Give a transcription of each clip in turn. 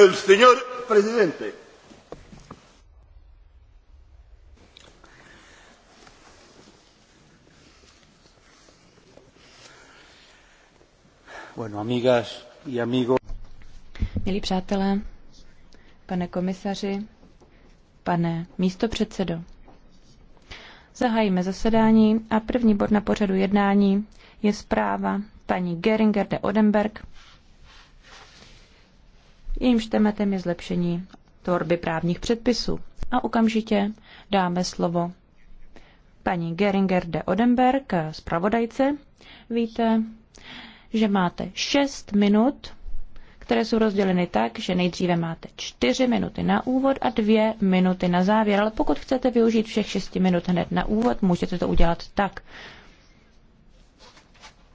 El señor presidente. Bueno, amigas y amigos. Milí přátelé, pane komisaři, pane místopředsedo, zahájíme zasedání a první bod na pořadu jednání je zpráva paní Geringer de Odenberg Jejímž tématem je zlepšení tvorby právních předpisů. A okamžitě dáme slovo paní Geringer de Odenberg, zpravodajce. Víte, že máte 6 minut, které jsou rozděleny tak, že nejdříve máte 4 minuty na úvod a 2 minuty na závěr. Ale pokud chcete využít všech 6 minut hned na úvod, můžete to udělat tak.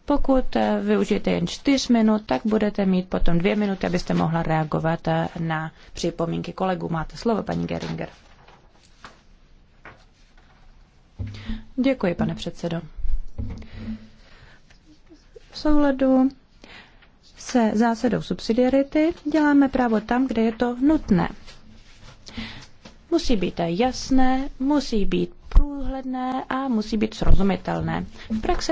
Pokud eh, využijete jen čtyř minut, tak budete mít potom dvě minuty, abyste mohla reagovat eh, na připomínky kolegů. Máte slovo, paní Geringer. Děkuji, pane předsedo. V souladu se zásadou subsidiarity děláme právo tam, kde je to nutné. Musí být jasné, musí být průhledné a musí být srozumitelné. V praxi